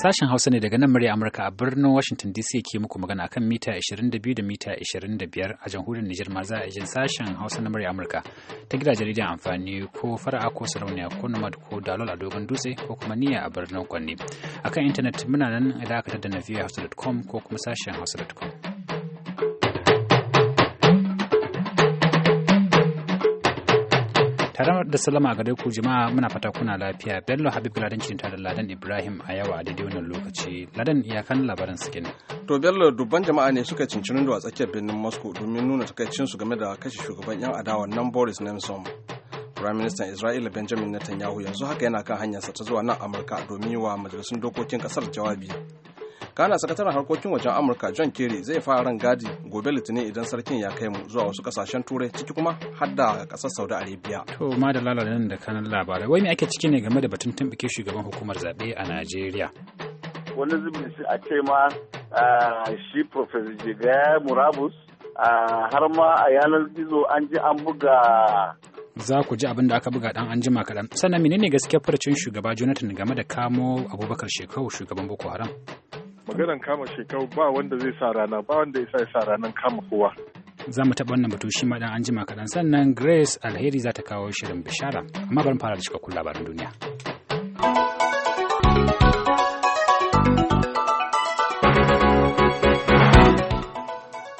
Sashen Hausa ne daga nan murya Amurka a birnin Washington DC ke muku magana kan mita 22 da mita 25 a jamhuriyar Nijar ma za a jin sashen Hausa na murya Amurka ta gidajen rediyon amfani ko fara'a ko sarauniya ko nomad ko dalol a dogon dutse ko kuma niyya a birnin Kwanne. Akan intanet muna nan idan aka tattana viewhouse.com ko kuma sashen hausa.com. tare da salama a gare ku jama'a muna fata kuna lafiya bello habib ladan cinta da ladan ibrahim a yawa a daidai wannan lokaci ladan iyakan labarin suke to bello dubban jama'a ne suka cincinin da tsakiyar birnin moscow domin nuna su game da kashe shugaban yan adawa nan boris nemtsov Prime Minister Isra'ila Benjamin Netanyahu yanzu haka yana kan hanyarsa ta zuwa nan Amurka domin yi wa majalisun dokokin kasar jawabi kana sakataren harkokin wajen amurka john kerry zai fara ran gadi gobe litinin idan sarkin ya kai mu zuwa wasu kasashen turai ciki kuma har da kasar saudi arabia to ma da lalata da kanan labarai wai me ake ciki ne game da batun tumbuke shugaban hukumar zaɓe a najeriya wani zubin a ce ma shi professor jiga murabus har ma a yanar gizo an ji an buga za ku ji abin da aka buga dan anjima jima kaɗan sannan menene gaskiyar farcin shugaba jonathan game da kamo abubakar shekau shugaban boko haram maganan kama shekau ba wanda zai sa rana ba wanda ya sa ya sa ranan kama kowa za mu taɓa wannan batu shi ma dan anjima kaɗan sannan grace alheri za ta kawo shirin bishara amma bari fara da cikakkun labaran duniya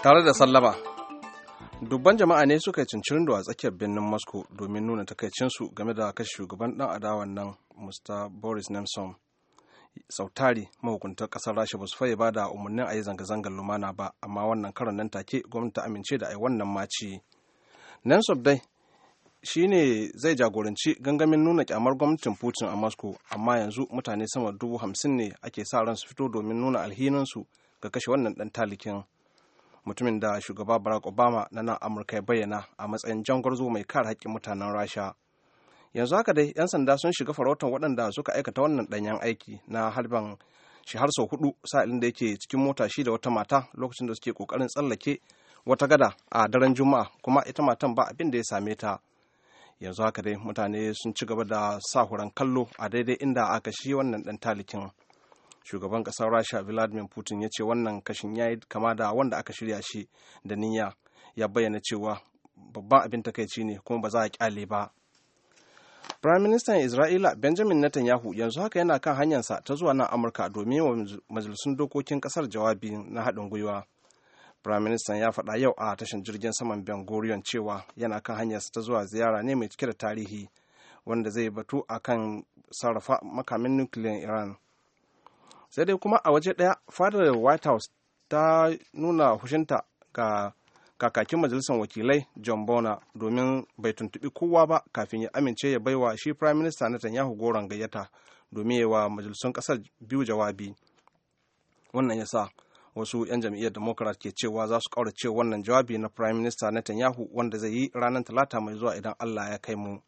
tare da sallama dubban jama'a ne suka yi cincirin a tsakiyar birnin moscow domin nuna takaicinsu game da kashe shugaban dan adawan nan mr boris nemtsov sautari mahukuntar kasar rasha ba su faye ba da umarnin a yi zanga-zangar lumana ba amma wannan karon nan take gwamnati ta amince da a wannan maci nansob dai shi ne zai jagoranci gangamin nuna kyamar gwamnatin putin a moscow amma yanzu mutane sama dubu hamsin ne ake sa ran su fito domin nuna alhininsu ga kashe wannan dan talikin mutumin da shugaba barack obama na nan amurka ya bayyana a matsayin jangwarzo mai kare haƙƙin mutanen rasha yanzu haka dai 'yan sanda sun shiga farautar waɗanda suka aikata wannan ɗanyen aiki na harban shi har sau hudu sa'ilin da yake cikin mota shi da wata mata lokacin da suke kokarin tsallake wata gada a daren juma'a kuma ita matan ba abin da ya same ta yanzu haka dai mutane sun ci gaba da sahuran kallo a daidai inda aka shi wannan dan talikin shugaban kasar rasha vladimir putin ya ce wannan kashin ya yi kama da wanda aka shirya shi da niyya ya bayyana cewa babban abin takaici ne kuma ba za a kyale ba Firaministan Isra'ila Benjamin Netanyahu yanzu haka yana kan hanyarsa ta zuwa nan Amurka domin wa majalisun dokokin kasar jawabi na haɗin gwiwa. Firaministan ya faɗa yau a tashin jirgin saman Ben Gurion cewa yana kan hanyarsa ta zuwa ziyara ne mai cike da tarihi wanda zai batu a kan sarrafa makamin nukiliyan Iran. Sai dai kuma a waje ɗaya fadar White House ta nuna hushinta ga kakakin majalisar wakilai john bona domin bai tuntubi kowa ba kafin ya amince ya baiwa shi prime minister netanyahu goron gayyata domin ya wa majalisun kasar biyu jawabi wannan ya sa wasu 'yan jam'iyyar democrat ke cewa za su kaurace wannan jawabi na prime minister netanyahu wanda zai yi ranar talata mai zuwa idan allah ya kai mu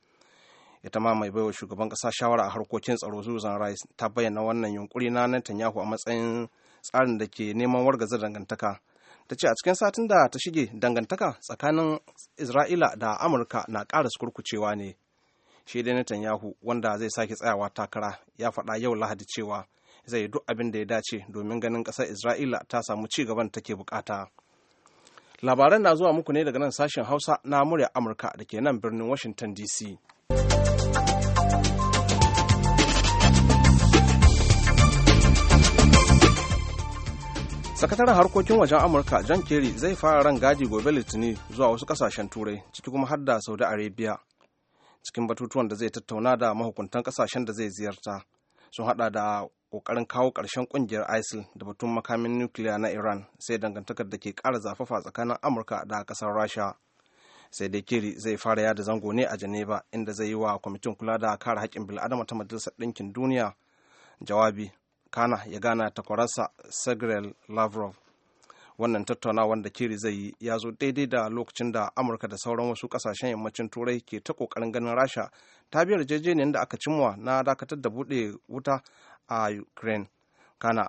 ita ma mai baiwa shugaban kasa shawara a harkokin tsaro susan rice ta bayyana wannan yunkuri na netanyahu a matsayin tsarin da ke neman wargaza dangantaka ta ce a cikin satin da ta shige dangantaka tsakanin isra'ila da amurka na ƙara kurkucewa ne shi dai netanyahu wanda zai sake tsayawa takara ya faɗa yau lahadi cewa zai yi duk abin da ya dace domin ganin ƙasar isra'ila ta samu ci gaban da take bukata labaran na zuwa muku ne daga nan sashen hausa na murya amurka da ke nan birnin washington dc sakataren harkokin wajen amurka john kerry zai fara ran gadi gobe litinin zuwa wasu kasashen turai ciki kuma har da saudi arabia cikin batutuwan da zai tattauna da mahukuntan kasashen da zai ziyarta sun hada da kokarin kawo ƙarshen kungiyar isil da batun makamin nukiliya na iran sai dangantakar da ke kara zafafa tsakanin amurka da ƙasar rasha sai dai kiri zai fara yada zango ne a geneva inda zai yi wa kwamitin kula da kare haƙƙin bil'adama ta majalisar ɗinkin duniya jawabi kana ya gana ta takwararsa segrel lavrov wannan tattauna wanda kiri zai yi ya zo daidai da lokacin da amurka da sauran wasu kasashen yammacin turai ke ta kokarin ganin rasha ta biyar yarjejeniyar da aka cimma na dakatar da buɗe wuta a ukraine kana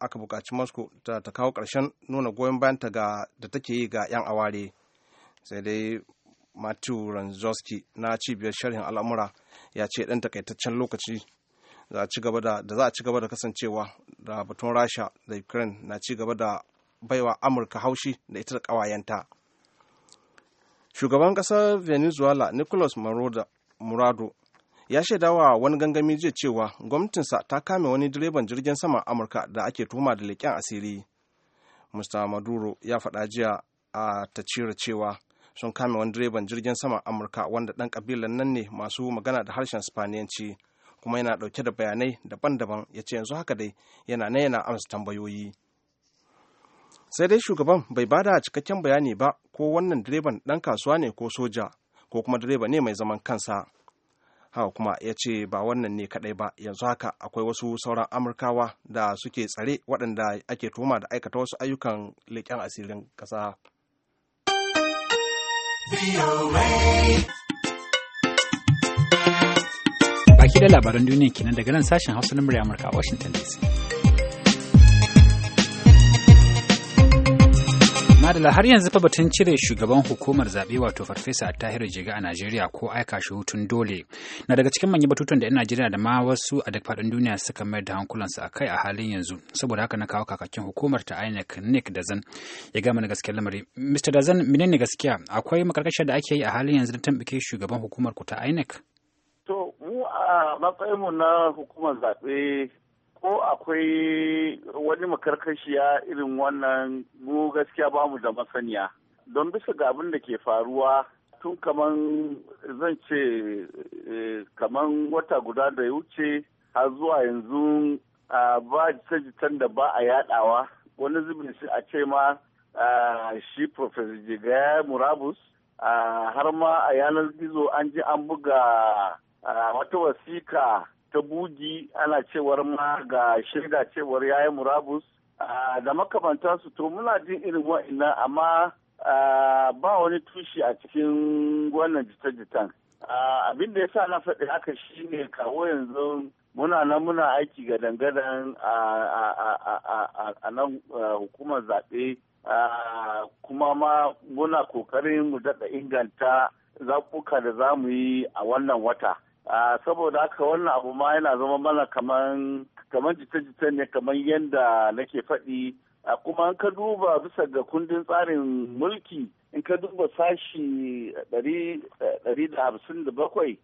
aka bukaci moscow ta kawo ƙarshen nuna goyon bayanta da take yi ga 'yan aware sai dai matthew ranzowski na cibiyar sharhin al'amura ya ce ɗan takaitaccen lokaci da za a ci gaba da kasancewa da batun rasha da ukraine na ci gaba da baiwa amurka haushi da ita da ƙawayenta shugaban kasar venezuela nicolas murado ya shaida wa wani gangami jiya cewa gwamnatinsa ta kame wani direban jirgin saman amurka da ake tuma da leƙen asiri mr maduro ya faɗa jiya a ta cire cewa sun kame wani direban jirgin saman amurka wanda ɗan ƙabilan nan ne masu magana da harshen spaniyanci kuma yana ɗauke da bayanai daban-daban ya ce yanzu haka dai yana na yana amsa tambayoyi sai dai shugaban bai ba da cikakken bayani ba ko wannan direban ɗan kasuwa ne ko soja ko kuma direba ne mai zaman kansa haka kuma ya ce ba wannan ne kaɗai ba yanzu haka akwai wasu sauran amurkawa da suke tsare waɗanda ake tuma da aikata wasu ayyukan leƙen asirin ƙasa. baki da labaran duniya kenan daga nan sashen hausa na murya amurka a washington dc madala har yanzu fa batun cire shugaban hukumar zaɓe wato farfesa tahiru jega a najeriya ko aika shi hutun dole na daga cikin manyan batutun da 'yan najeriya da ma wasu a duk faɗin duniya suka mayar da hankulansu a kai a halin yanzu saboda haka na kawo kakakin hukumar ta inec nick dazan ya gama na gaskiyar lamari mr dazan menene gaskiya akwai makarkashar da ake yi a halin yanzu na tambike shugaban hukumar ku ta inec a matsayinmu na hukumar zaɓe ko akwai wani makarkashiya irin wannan mu gaskiya ba mu da masaniya don bisa ga abin da ke faruwa tun kaman zan ce eh, kaman wata guda da ya wuce har zuwa yanzu ba jita-jitan da ba a yadawa wani zubin shi a ce ma shi professor jigaya murabus har ma a yanar gizo an ji an buga Ah, wata wasika ta bugi ana cewar ma ga shaida cewar yayi murabus ah, da makamantansu to muna jin irin wa'annan amma ah, ba wani tushe a cikin wannan jita-jitan abin da ya sa na faɗi haka shine kawo yanzu muna nan muna aiki ga dangadan a nan hukumar zaɓe kuma ma muna ƙoƙarin mu daɗa inganta zaɓuka da za mu yi a wannan wata. saboda haka wannan abu ma yana zama mana kaman jita-jita ne kamar yadda nake faɗi kuma an ka duba bisa ga kundin tsarin mulki in ka duba sashi 157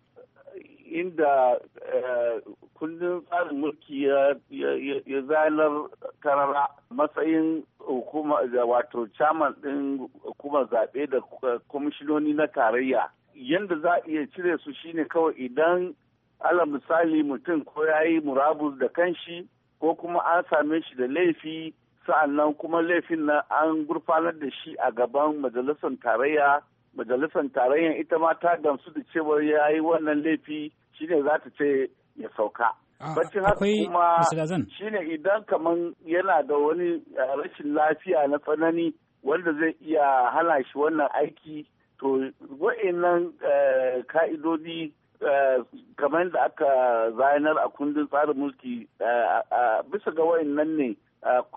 inda eh, kundin tsarin mulki ya zanar karara matsayin hukuma wato chairman din hukumar zaɓe da eh, kwamishinoni na tarayya yadda za a iya cire su shine kawai idan ala misali mutum ko ya yi murabus da kanshi ko kuma an same shi da laifi sa'annan kuma laifin nan an gurfanar da shi a gaban majalisar tarayya majalisar tarayyan ita ma ta gamsu da cewar ya yi wannan laifi shine za ta ce ya sauka baccin haka kuma shine idan kamar yana da wani eh, rashin lafiya na tsanani wanda zai iya hana shi wannan aiki to wa'annan eh, ka'idodi eh, kamar da aka zanar a kundin tsarin mulki eh, bisa ga wa'annan ne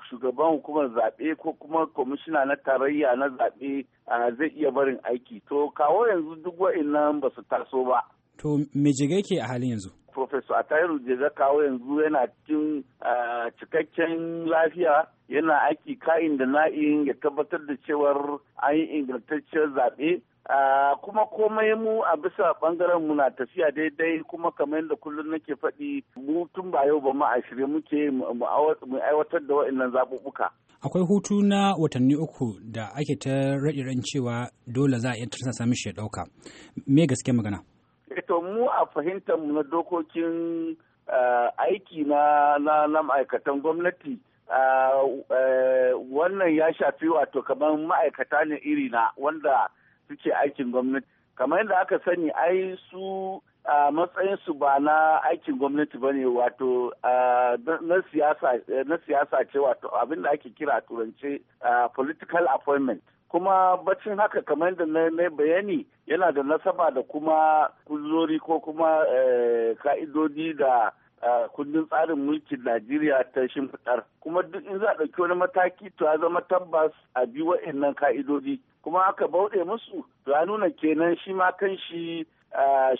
shugaban hukumar zaɓe ko kuma kwamishina na tarayya na zaɓe zai iya barin aiki to kawo yanzu duk wa'annan ba su taso ba to me ke a halin yanzu Professor Atairu Jega kawo yanzu yana cikin cikakken lafiya yana aiki ka'in da na'in ya tabbatar da cewar an yi ingantacciyar zaɓe kuma komai mu a bisa bangaren mu na tafiya daidai kuma kamar yadda kullum nake faɗi mu tun ba yau ba ma a shirye muke mu aiwatar da wa'annan zaɓuɓɓuka. Akwai hutu na watanni uku da ake ta raɗiran cewa dole za a iya tursasa shi ya ɗauka. Me gaske magana? Eh to mu a fahimtar mu na dokokin aiki na na ma'aikatan gwamnati eh, wannan ya shafi wato kamar ma'aikata ne iri na wanda ce aikin gwamnati kamar yadda aka sani ai su a matsayinsu ba na aikin gwamnati ba ne wato na siyasa ce wato abin da ake kira a turance political appointment kuma bacin haka kamar da na bayani yana da nasaba da kuma kuzori ko kuma eh, ka'idodi da kundin tsarin mulkin Najeriya ta shimfiɗar. Kuma duk in za a ɗauki wani mataki to ya zama tabbas a bi wa'annan ka'idodi. Kuma aka bauɗe musu to ya nuna kenan shi ma kan shi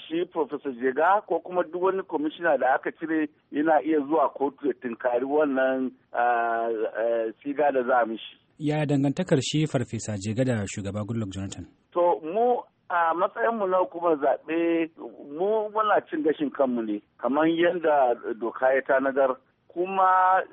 shi Professor Jega ko kuma duk wani kwamishina da aka cire yana iya zuwa kotu ya tunkari wannan siga da za mishi. Yaya dangantakar shi Farfesa Jega da shugaba Goodluck Jonathan? a mu na hukumar zaɓe mu muna cin gashin kanmu ne kamar yadda doka ya tanadar kuma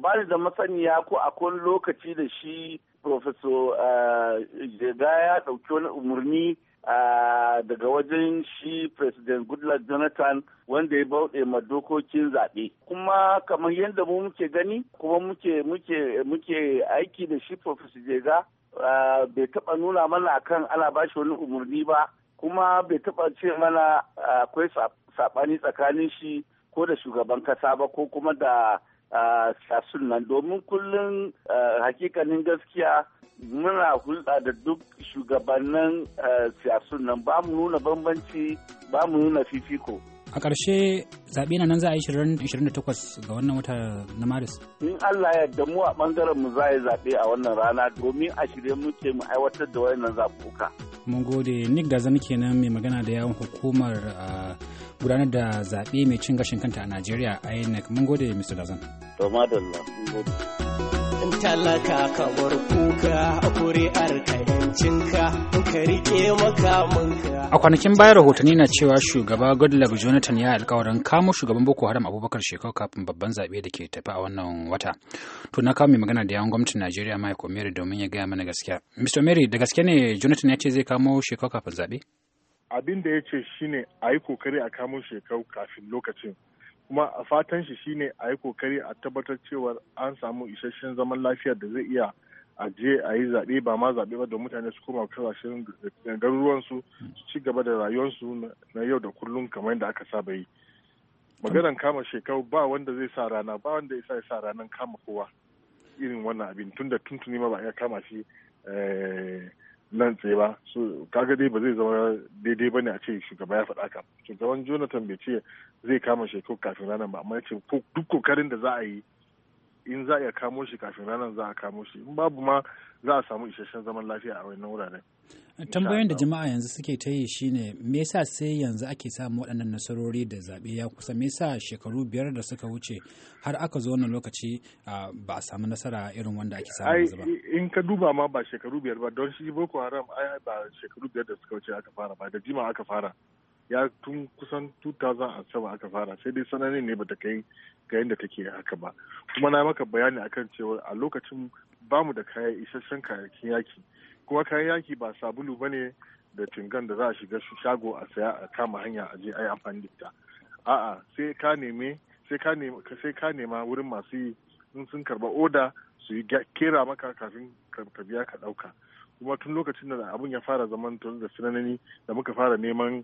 ba da masaniya ko akwai lokaci da shi professor eh, jega ya ɗauki wani umarni eh, daga wajen shi president goodluck jonathan wanda ya bauɗe ma dokokin zaɓe kuma kamar yadda mu muke gani kuma muke aiki da shi professor jega bai taɓa nuna mana kan ana ba shi wani umarni ba kuma bai taɓa ce mana akwai saɓani tsakanin shi ko da shugaban kasa ba ko kuma da sasun nan domin kullum hakikanin gaskiya muna hulɗa da duk shugabannin siyasun nan ba mu nuna bambanci ba mu nuna fifiko. a ƙarshe zaɓe na nan za a yi 28 ga wannan wata na maris in allah ya damu mu a ɓangaren mu za a yi zaɓe a wannan rana domin a shirye muke mu aiwatar da wannan zaɓuɓɓuka mun gode nick da zan kenan mai magana da yawon hukumar gudanar da zaɓe mai cin gashin kanta a najeriya inec mun gode mr dazan to madalla mun gode talaka ka bar kuka a kuri'ar kayancinka ka rike makamanka a kwanakin baya rahotanni na cewa shugaba goodluck jonathan ya alkawarin kamo shugaban boko haram abubakar shekau kafin babban zaɓe da ke tafi a wannan wata to na kawo mai magana da yawan gwamnatin najeriya mike omeri domin ya gaya mana gaskiya mr omeri da gaske ne jonathan ya ce zai kamo shekau kafin zaɓe abin da ya ce shine a yi kokari a kamo shekau kafin lokacin kuma a fatan shi shine a yi kokari a tabbatar cewa an samu isasshen zaman lafiya da zai iya a a yi zaɓe ba ma zaɓe ba da mutane su koma kasashen garuruwan su ci gaba da rayuwarsu na yau da kullum kamar yadda aka saba yi maganan kama shekaru ba wanda zai sa rana ba wanda ya sa ya sa ranan kama kowa irin wannan abin tun da tuntuni ma ba a kama shi eh, nan tsaye ba so kaga dai ba zai zama daidai ba ne a ce shugaba ya faɗa ka shugaban jonathan bai ce zai kama shekaru kafin ranar ba amma ya ce duk kokarin da za a yi in za a iya kamo shi kafin ranar za a kamo shi in babu ma za a samu isasshen zaman lafiya a wannan wurare. tambayoyin da jama'a yanzu suke ta yi shine me yasa sai yanzu ake samun waɗannan nasarori da zaɓe ya kusa me yasa shekaru biyar da suka wuce har aka zo wannan lokaci ba a samu nasara irin wanda ake samu yanzu ba in ka duba ma ba shekaru biyar ba don shi boko haram ai ba shekaru biyar da suka wuce aka fara ba da jima aka fara ya tun kusan 2007 aka fara sai dai sanani ne bata kai ga yadda take haka ba kuma na maka bayani akan cewa a lokacin bamu da kayan isasshen kayan yaki kuma kayan yaki ba sabulu ba ne da cingan da za a shiga shago a saya a kama hanya a je a yi amfani da ita a'a sai ka neme sai ka nema sai ka nema wurin masu yi in sun karba oda su yi kera maka kafin ka biya ka dauka kuma tun lokacin da abun ya fara zaman tun da sunanani da muka fara neman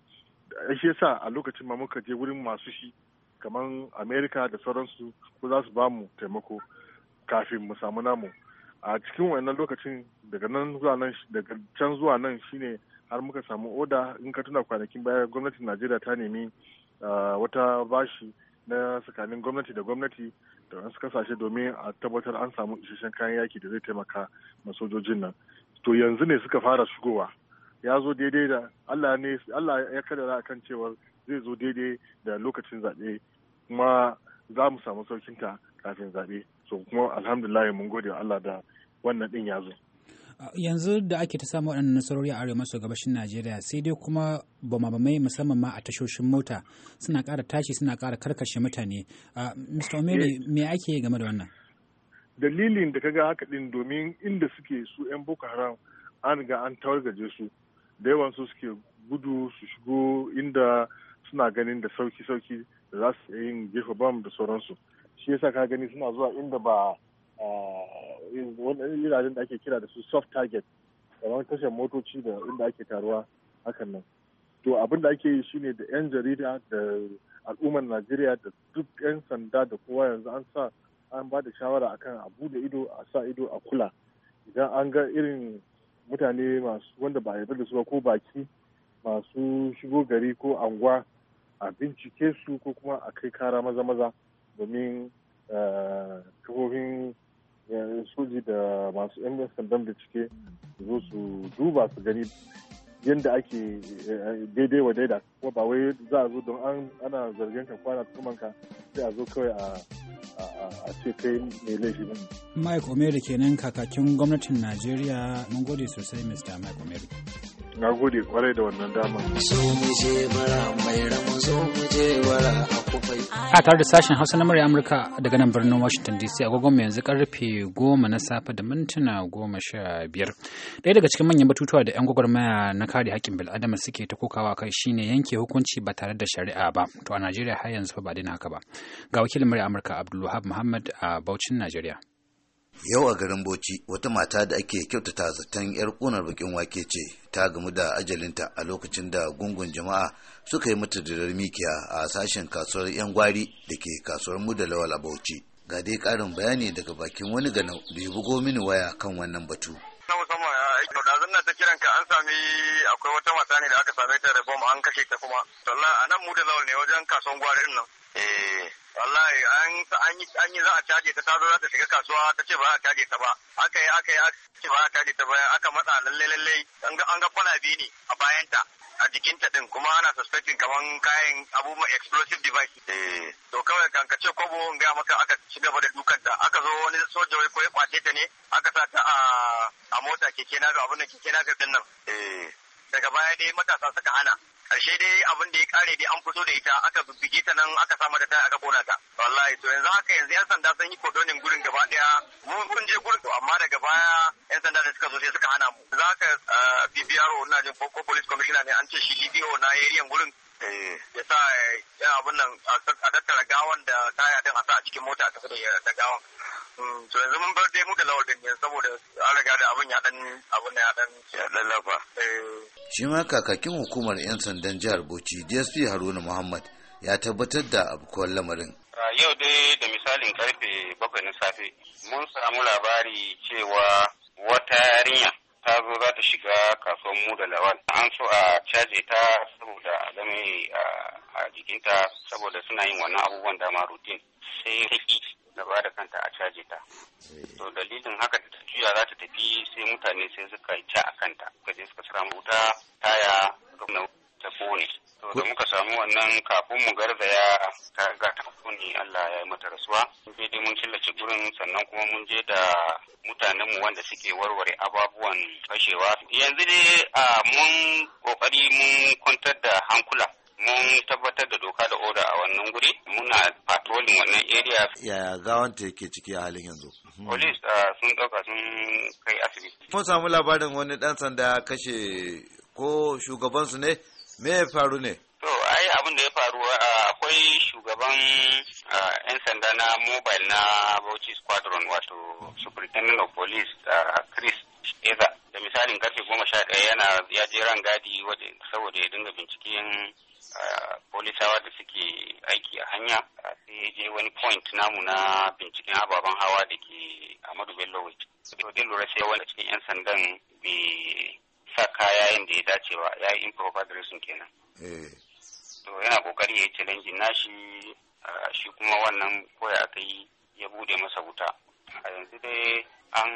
shi yasa a lokacin ma muka je wurin masu shi kamar america da sauransu ko za su ba mu taimako kafin mu samu namu a cikin wannan lokacin daga nan zuwa nan daga can zuwa nan shine har muka samu oda in ka tuna kwanakin baya gwamnatin najeriya ta nemi wata bashi na tsakanin gwamnati da gwamnati da wasu kasashe domin a tabbatar an samu isasshen kayan yaki da zai taimaka ma sojojin nan to yanzu ne suka fara shigowa ya zo daidai da Allah ne Allah ya kaddara kan cewar zai zo daidai da lokacin zaɓe kuma za mu samu saukinta kafin zaɓe so kuma alhamdulillah mun gode wa Allah da wannan din ya zo yanzu da ake ta samu waɗannan nasarori a arewa maso gabashin najeriya sai dai kuma bamabamai musamman ma a tashoshin mota suna ƙara tashi suna ƙara karkashe mutane mr omeri me ake game da wannan dalilin da kaga haka din domin inda suke su 'yan boko haram an ga an tawargaje su da yawan su suke gudu su shigo inda suna ganin da sauki-sauki da za su yin gefe bam da sauransu shi yasa ka gani suna zuwa inda ba wani da ake kira da su soft target kamar tashar motoci da inda ake taruwa hakan nan to abin da ake yi shine da 'yan jarida da al'ummar najeriya da duk 'yan sanda da kowa yanzu an sa an ba da shawara akan a bude ido a sa ido a kula idan an ga irin mutane masu wanda ba yarda da su ba ko baki masu shigo gari ko anguwa a bincike su ko kuma a kai kara maza maza domin tuhohin eh, eh, soji da masu yan sandan bincike zo su duba su gani yadda ake eh, daidai wa daida kuma ba wai za a zo don ana zargin ka kwana ka sai a zo kawai a a ce kai mai laifi ba Mike Omeri kenan kakakin gwamnatin Najeriya mun gode sosai Mr. Mike Omeri. na gode kwarai da wannan dama a tare da sashen hausa na murya amurka daga nan birnin washington dc agogon mai yanzu karfe goma na safe da mintuna goma sha biyar ɗaya daga cikin manyan batutuwa da 'yan gwagwarmaya na kare haƙƙin bil'adama suke ta kokawa kai shine yanke hukunci ba tare da shari'a ba to a najeriya har yanzu ba daina haka ba ga wakilin murya amurka abdulwahab muhammad a bauchin najeriya Yau a garin Bauchi wata mata da ake kyautata zaton 'yar ƙunar bakin wake ce ta gamu da ajalinta a lokacin da gungun jama'a suka yi mata dirar mikiya a sashen kasuwar 'yan gwari da ke kasuwar mu da lawal a Bauchi. Ga dai ƙarin bayani daga bakin wani gano da ya bugo mini waya kan wannan batu. ɗazun na an sami akwai wata mata ne da aka same ta da bom an kashe ta kuma. Sallah a nan mu da lawal ne wajen kasuwar gwarin nan. Eh. wallahi an yi za a caje ta tazo za ta shiga kasuwa ta ce ba a caje ta ba aka yi aka yi aka ce ba a caje ta ba aka matsa lalle lalle an ga kwana biyu ne a bayanta a jikinta din kuma ana suspectin kaman kayan abubuwa explosive device eh. to kawai kan ce kobo in ga maka aka ci gaba da dukanta aka zo wani soja wai ko ya kwace ta ne aka sa ta a mota keke na ga abin da keke na din nan eh. daga baya dai matasa suka hana Ashe dai abin da ya kare dai an fito da ita aka bibbige ta nan aka samu da ta aka kona ta wallahi to yanzu haka yanzu yan sanda sun yi kodonin gurin gaba daya mun kun je gurin to amma daga baya yan sanda da suka zo sai suka hana mu za ka eh, BBR na jin ko police commissioner ne an ce shi DPO na yayin gurin eh. ya sa eh, abin nan a tattara gawan da kaya din a sa a cikin mota ta da gawan Mm, to yanzu mun bar dai mu da lawadin ne saboda an riga da abin ya dan abin ya dan ya lallafa eh. shi ma kakakin hukumar yan sandan jihar Bauchi DSP Haruna Muhammad ya tabbatar da abkuwar lamarin yau dai da misalin karfe bakwai na safe mun samu labari cewa wata yarinya ta zo za ta shiga kasuwar mu da lawal an so a caje ta saboda game a jikinta saboda suna yin wannan abubuwan dama rutin sai da ba da kanta a caje ta eh. to dalilin haka da juya za ta tafi sai mutane sai suka yi ca a kanta suka je suka samu wuta taya gwamna ta kone to da muka samu wannan kafin mu garzaya ta ga ta kone Allah ya yi mata rasuwa sai dai mun killace gurin sannan kuma mun je da mutanen mu wanda suke warware ababuwan fashewa yanzu dai mun kokari mun kwantar da hankula mun tabbatar da doka da oda a wannan guri muna patrolling wannan area ya gawan ta yake ciki a halin yanzu hmm. police uh, sun dauka sun kai asibiti mun samu labarin wani dan sanda ya kashe ko shugaban su ne me ya faru ne to ai abin da ya faru uh, akwai shugaban uh, yan sanda na mobile na Bauchi squadron wato superintendent of police Chris Eza da misalin karfe goma sha ɗaya yana ya je ran gadi saboda ya dinga binciken polisawa da suke aiki a hanya sai je wani point namu na binciken ababen hawa da ke Amadu Bello lowage Sai lura sai wani cikin 'yan sandan bai sa kaya yin da ya dace ba ya yi improper kenan. Eh. To yana kokari ya yi challenge nashi shi kuma wannan koya aka yi ya bude masa wuta. A yanzu dai an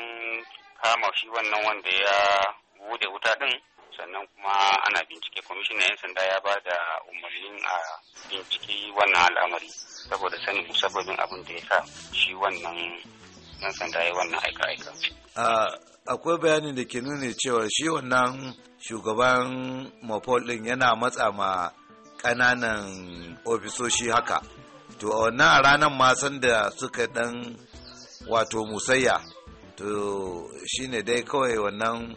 kama shi wannan wanda ya bude wuta din sannan kuma ana bincike kwamishin na 'yan sanda ya ba da umarnin a binciki wannan al'amari saboda sanin musabbabin abin da ya sa shi wannan 'yan sanda ya wannan aika-aika. akwai bayanin da ke nuna cewa shi wannan shugaban mafol din yana matsa ma kananan ofisoshi haka to a wannan ranar masan da suka dan wato musayya to shine dai kawai wannan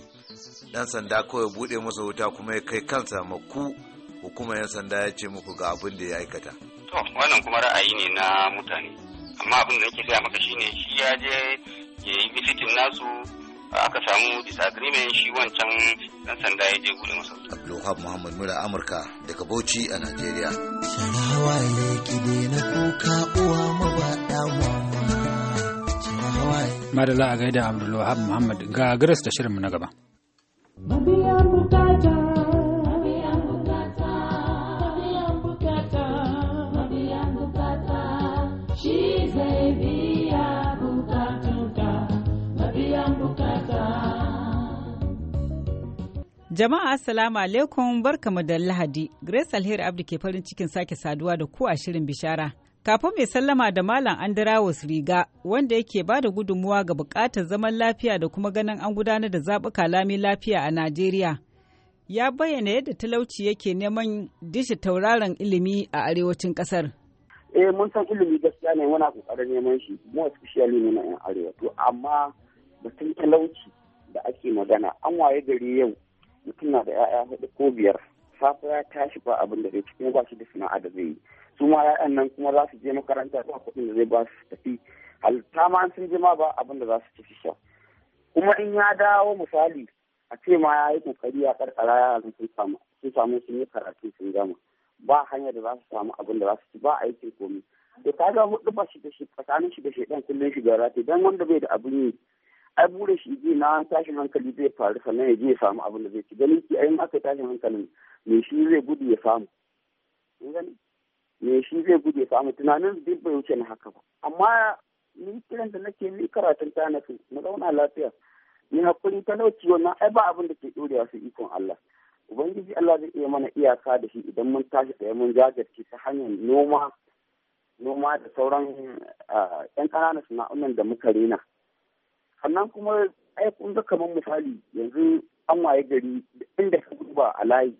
dan sanda kawai bude masa wuta kuma ya kai kansa maku hukuma yan sanda ya ce muku ga abin da ya aikata to wannan kuma ra'ayi ne na mutane amma abin da nake gaya maka shine shi ya je ya yi visitin nasu aka samu disagreement shi wancan dan sanda ya je bude masa wuta Abdulwahab Muhammad Mura Amurka daga Bauchi a Najeriya Sharawa ya kide na kuka uwa mabada Madalla a gaida Abdulwahab Muhammad ga garas da shirinmu na gaba. Shi zai biya Jama'a Assalamu alaikum barkamu da Lahadi. Grace Alheri Abdi ke farin cikin sake saduwa da ku a shirin bishara. kafin mai sallama da Malam Andarawus Riga wanda yake ba da gudunmuwa ga bukatar zaman lafiya da kuma ganin an gudanar da zabuka lami lafiya a Najeriya. Ya bayyana yadda talauci yake neman dishi tauraron ilimi a arewacin ƙasar. Eh mun san ilimi gaskiya ne muna kokarin neman shi mu especially ne na yan arewa to amma batun talauci da ake magana an waye gari yau mutum na da 'ya'ya hudu ko biyar safe ya tashi ba abin da zai ci kuma ba shi da sana'a da zai yi su ma ya'yan nan kuma za su je makaranta ba kuɗin da zai ba su tafi halitta ma an sun jima ma ba abin da za su ci su kuma in ya dawo misali a ce ma ya yi kokari ya karkara yaran sun samu sun samu sun yi karatu sun gama ba hanyar da za su samu abin da za su ci ba aikin komai to kaga hudu ba shi da shi tsakanin shi da dan kullun shi gara dan wanda bai da abin yi ai bude shi ji na tashin hankali zai faru sannan ya je ya samu abin da zai ci ganin ki ai in aka tashin hankalin me shi zai gudu ya samu gani me shi zai gudu ya samu tunanin duk bai wuce na haka ba amma ni kiran da nake ni karatun ta na na zauna lafiya ni hakuri talauci wannan ai ba abin da ke dorewa su ikon Allah ubangiji Allah zai iya mana iyaka da shi idan mun tashi da mun jajirce ta hanyar noma noma da sauran 'yan ah, ƙananan sana'unan da muka rena sannan kuma ai kun ga kamar misali yanzu an waye gari inda ka duba a layi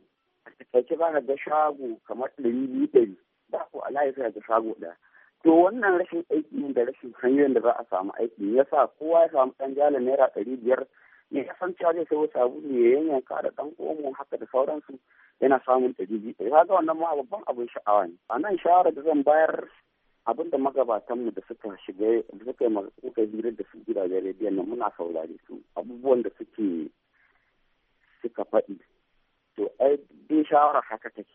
kake za ka ga shago kamar ɗari biyu ɗari ba ko a layi sai ga shago ɗaya to wannan rashin aiki da rashin hanyoyin da za a samu aiki ya sa kowa ya samu ɗan jala naira ɗari biyar ne ya san cewa zai sayo sabulu ya yanyanka da ɗan omo haka da sauransu yana samun ɗari biyu ɗari ga wannan ma babban abin sha'awa ne a nan shawarar da zan bayar abin da magabatanmu da suka shiga suka yi suka hira da su gidajen rediyon nan muna saurari su abubuwan da suke suka faɗi to ai dai shawara haka take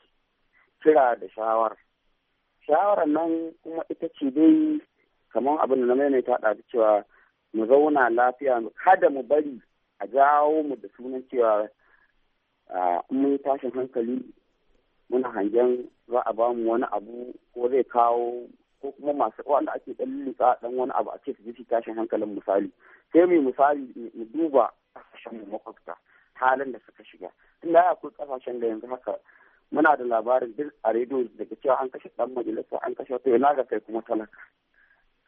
kira da shawara shawara nan kuma ita ce dai kamar abin da na maimaita da cewa mu zauna lafiya kada mu bari a jawo mu da sunan cewa mun tashin hankali muna hangen za a bamu wani abu ko zai kawo ko kuma masu wanda ake dan lika dan wani abu a ce su fi tashin hankalin misali sai mu misali mu duba kasashen mu makwabta halin da suka shiga inda ya akwai kasashen da yanzu haka muna da labarin duk a rediyo daga cewa an kashe dan majalisa an kashe wata yana ga kai kuma talaka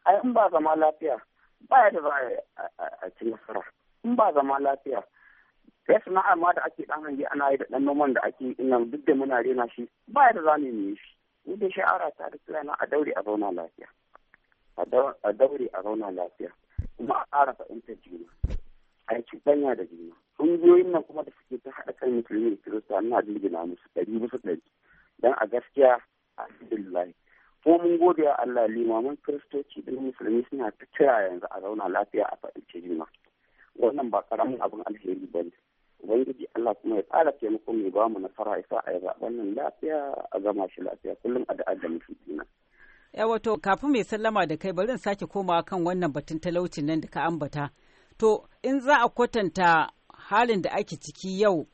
ai in ba zama lafiya ba da za a ci nasara in ba zama lafiya ya suna ma da ake dan hange ana yi da dan noman da ake ina duk da muna rena shi ba da za mu yi shi ni sha'ara ta da suna a daure a zauna lafiya a daure a zauna lafiya kuma a ƙara fahimtar juna a yi cuɗanya da juna ƙungiyoyin nan kuma da suke ta haɗa kan musulmi da kirista ina jirgina musu ɗari bisa ɗari don a gaskiya alhamdulillah ko mun gode wa Allah limaman kiristoci da musulmi suna ta kira yanzu a zauna lafiya a fahimci juna wannan ba ƙaramin abin alheri ba ne ubangiji Allah kuma ya ƙara taimako mai ba mu nasara ya a yi lafiya a gama shi lafiya kullum a da'ar da mutum kenan. kafin mai sallama da kai bari in sake komawa kan wannan batun talaucin nan da ka ambata to in za a kwatanta halin da ake ciki yau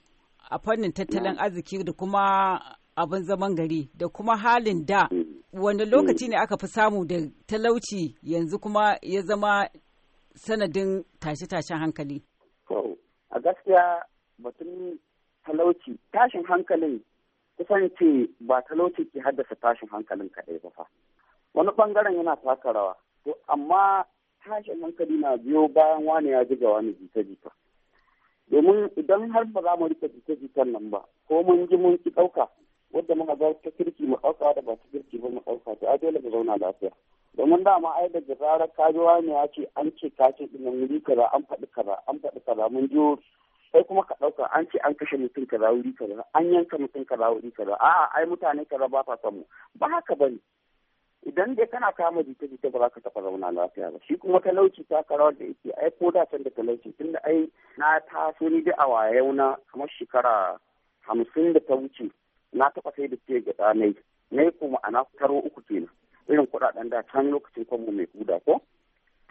a fannin tattalin arziki da kuma abin zaman gari da kuma halin da mm. wanda lokaci ne aka fi samu da talauci yanzu kuma ya zama sanadin tashe-tashen hankali a gaskiya batun talauci tashin hankalin kusan ce ba talauci ke haddasa tashin hankalin kaɗai ba fa wani bangaren yana taka rawa to amma tashin hankali na biyo bayan wani ya jiga wani jita-jita domin idan har ba za mu rika jita-jitan nan ba ko mun ji mun ki ɗauka wadda muka zo ta kirki mu ɗauka da ba ta kirki ba mu ɗauka to a dole mu zauna lafiya domin dama ai da zarar ka ji wani ya ce an ce ka ce ɗin wuri kaza an faɗi kaza an faɗi kaza mun ji sai kuma ka ɗauka an ce an kashe mutum kaza wuri kaza an yanka mutum kaza wuri kaza a'a ai mutane kaza ba sa samu ba haka bane idan dai kana kama jita jita ba za ka taɓa zauna lafiya ba shi kuma talauci ta karawar da yake ai ko da can da talauci tunda ai na taso ni da a wayau na kamar shekara hamsin da ta wuce na taɓa sai da ce ga gaɗa na yi kuma ana taro uku kenan irin kuɗaɗen da can lokacin kwanmu mai kuda ko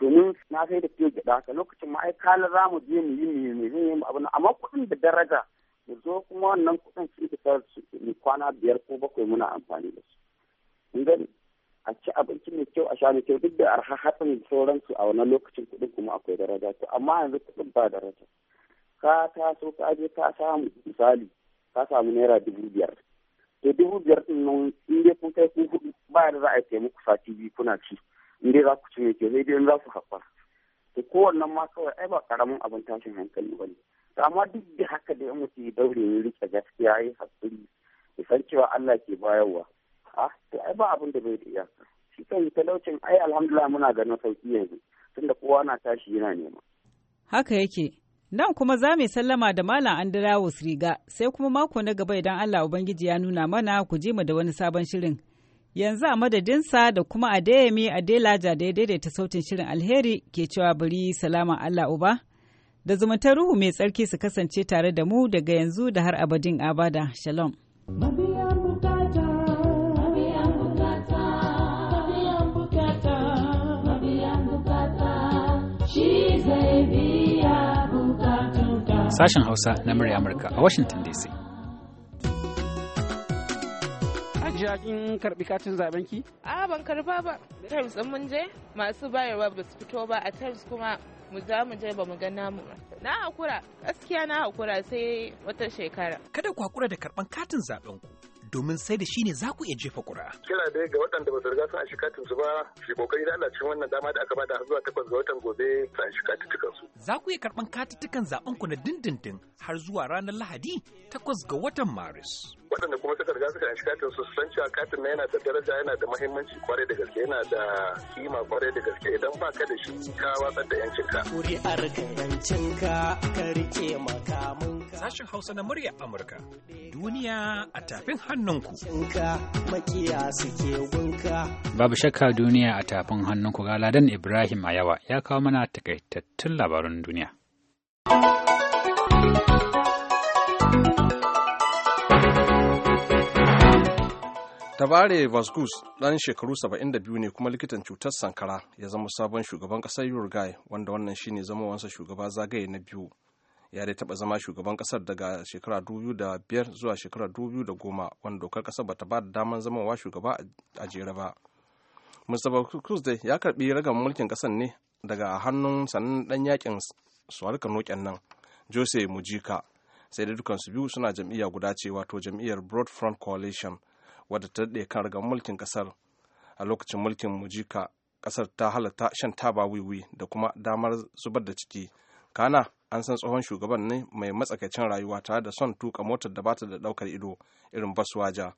domin na sai da fiye gida ka lokacin ma'aikala za mu je mu yi mu yi mu yi mu abu amma kuɗin da daraja mu zo kuma wannan kuɗin sun fitar mu kwana biyar ko bakwai muna amfani da su. in gani a ci abinci mai kyau a sha mai kyau duk da arha hatsin sauransu a wannan lokacin kuɗin kuma akwai daraja to amma yanzu kuɗin ba daraja. Ka taso ka je ka samu misali ka samu naira dubu biyar. To dubu biyar ɗin nan in dai kun kai kun hudu ba da za a yi taimako sati biyu kuna ci. in dai za ku cinye ke sai dai za su haɓar to kowannen ma kawai ai ba karamin abin tashin hankali ba ne amma duk da haka da mutum ya daure ne rike gaskiya ya yi haƙuri ya san cewa Allah ke bayarwa a to ai ba abin da bai da iyaka shi kan talaucin ai alhamdulillah muna ganin sauki yanzu tunda kowa na tashi yana nema haka yake Nan kuma za mu sallama da Malam Andrawus Riga sai kuma mako na gaba idan Allah Ubangiji ya nuna mana ku je mu da wani sabon shirin. yanzu a madadinsa da kuma a adelaja da ya daidaita sautin shirin alheri ke cewa bari salama allah uba da zumuntar ruhu mai tsarki su kasance tare da mu daga yanzu da har abadin abada shalom Sashen Hausa na murya Amurka a Washington DC. jiya kin karbi katin zaben ki a ban karba ba terms din mun je masu bayarwa ba su fito ba a terms kuma mu za mu je ba mu ga namu na hakura gaskiya na hakura sai wata shekara kada ku hakura da karban katin zaben ku domin sai da shi ne za ku iya jefa kura. Kira dai ga waɗanda ba su riga sun katin su ba, shi kokari da Allah cikin wannan dama da aka bada zuwa takwas ga watan gobe su an katuttukan su. Za ku iya karɓan katuttukan zaɓen ku na dindindin har zuwa ranar Lahadi takwas ga watan Maris. waɗanda kuma suka riga suka yanci katin su san cewa katin na yana da daraja yana da mahimmanci kwarai da gaske yana da kima kwarai da gaske idan ba ka da shi ka watsar da yancinka. Kuri'ar ka yancinka ka rike ka? Sashen Hausa na murya Amurka. Duniya a tafin hannunku. Babu shakka duniya a tafin hannunku ga Ladan Ibrahim a yawa ya kawo mana takaitattun labarun duniya. tabare vasgus ɗan shekaru 72 ne kuma likitan cutar sankara ya zama sabon shugaban kasar uruguay wanda wannan shine wansa shugaba zagaye na biyu ya dai taba zama shugaban kasar daga shekara 2005 zuwa shekara 2010 wanda dokar kasar bata ba da damar zamawa shugaba a jere ba mustapha cruz dai ya karbi ragar mulkin kasar ne daga hannun sannan dan yakin suwarka noken nan jose mujika sai da dukansu biyu suna jam'iyya guda ce wato jam'iyyar broad front coalition wadda ta daɗe kan mulkin ƙasar a lokacin mulkin mujika ƙasar ta halatta shan taba wiwi da kuma damar zubar da ciki kana an san tsohon shugaban ne mai matsakaicin rayuwa tare da son tuka motar da bata da ɗaukar ido irin baswaja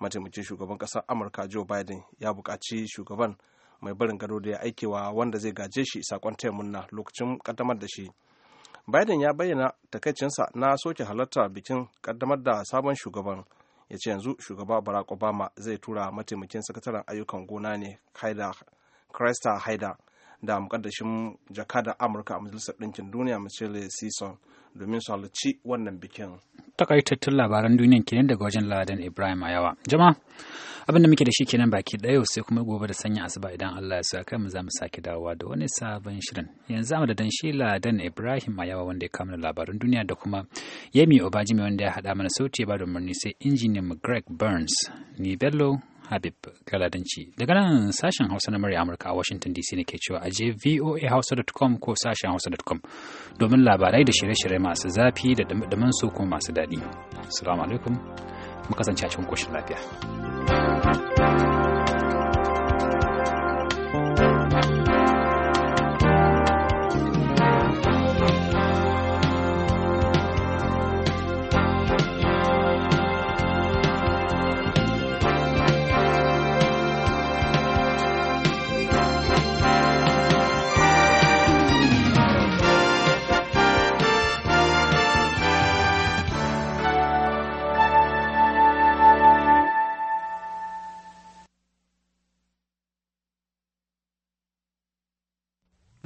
mataimakin shugaban ƙasar amurka joe biden ya buƙaci shugaban mai barin gado da ya aikewa wanda zai gaje shi sakon taya munna lokacin kaddamar da shi biden ya bayyana takaicinsa na soke halarta bikin kaddamar da sabon shugaban ya ce yanzu shugaba barack obama zai tura mataimakin sakataren ayyukan gona ne krista haida da mukaddashin jakadar amurka a majalisar ɗinkin duniya michelle sison domin su halarci wannan bikin. Takaitattun labaran duniyan kenan daga wajen Ladan Ibrahim a yawa. Jama'a, abin da muke da shi kenan baki ɗaya sai kuma gobe da sanya asuba idan Allah ya sa kai mu za mu sake dawowa da wani sabon shirin. Yanzu amma da dan shi Ladan Ibrahim a yawa wanda ya kama labaran duniya da kuma Yemi Obajimi wanda ya haɗa mana sauti ya ba da murni sai injiniyan Greg Burns. Ni Bello Habib Galadanci. Daga nan sashen Hausa na murya Amurka a Washington DC ne ke cewa a je voahausa.com ko sashen hausa.com domin labarai da shirye-shirye masu zafi da damin su kuma masu daɗi. Assalamu alaikum, mu kasance a cikin koshin lafiya.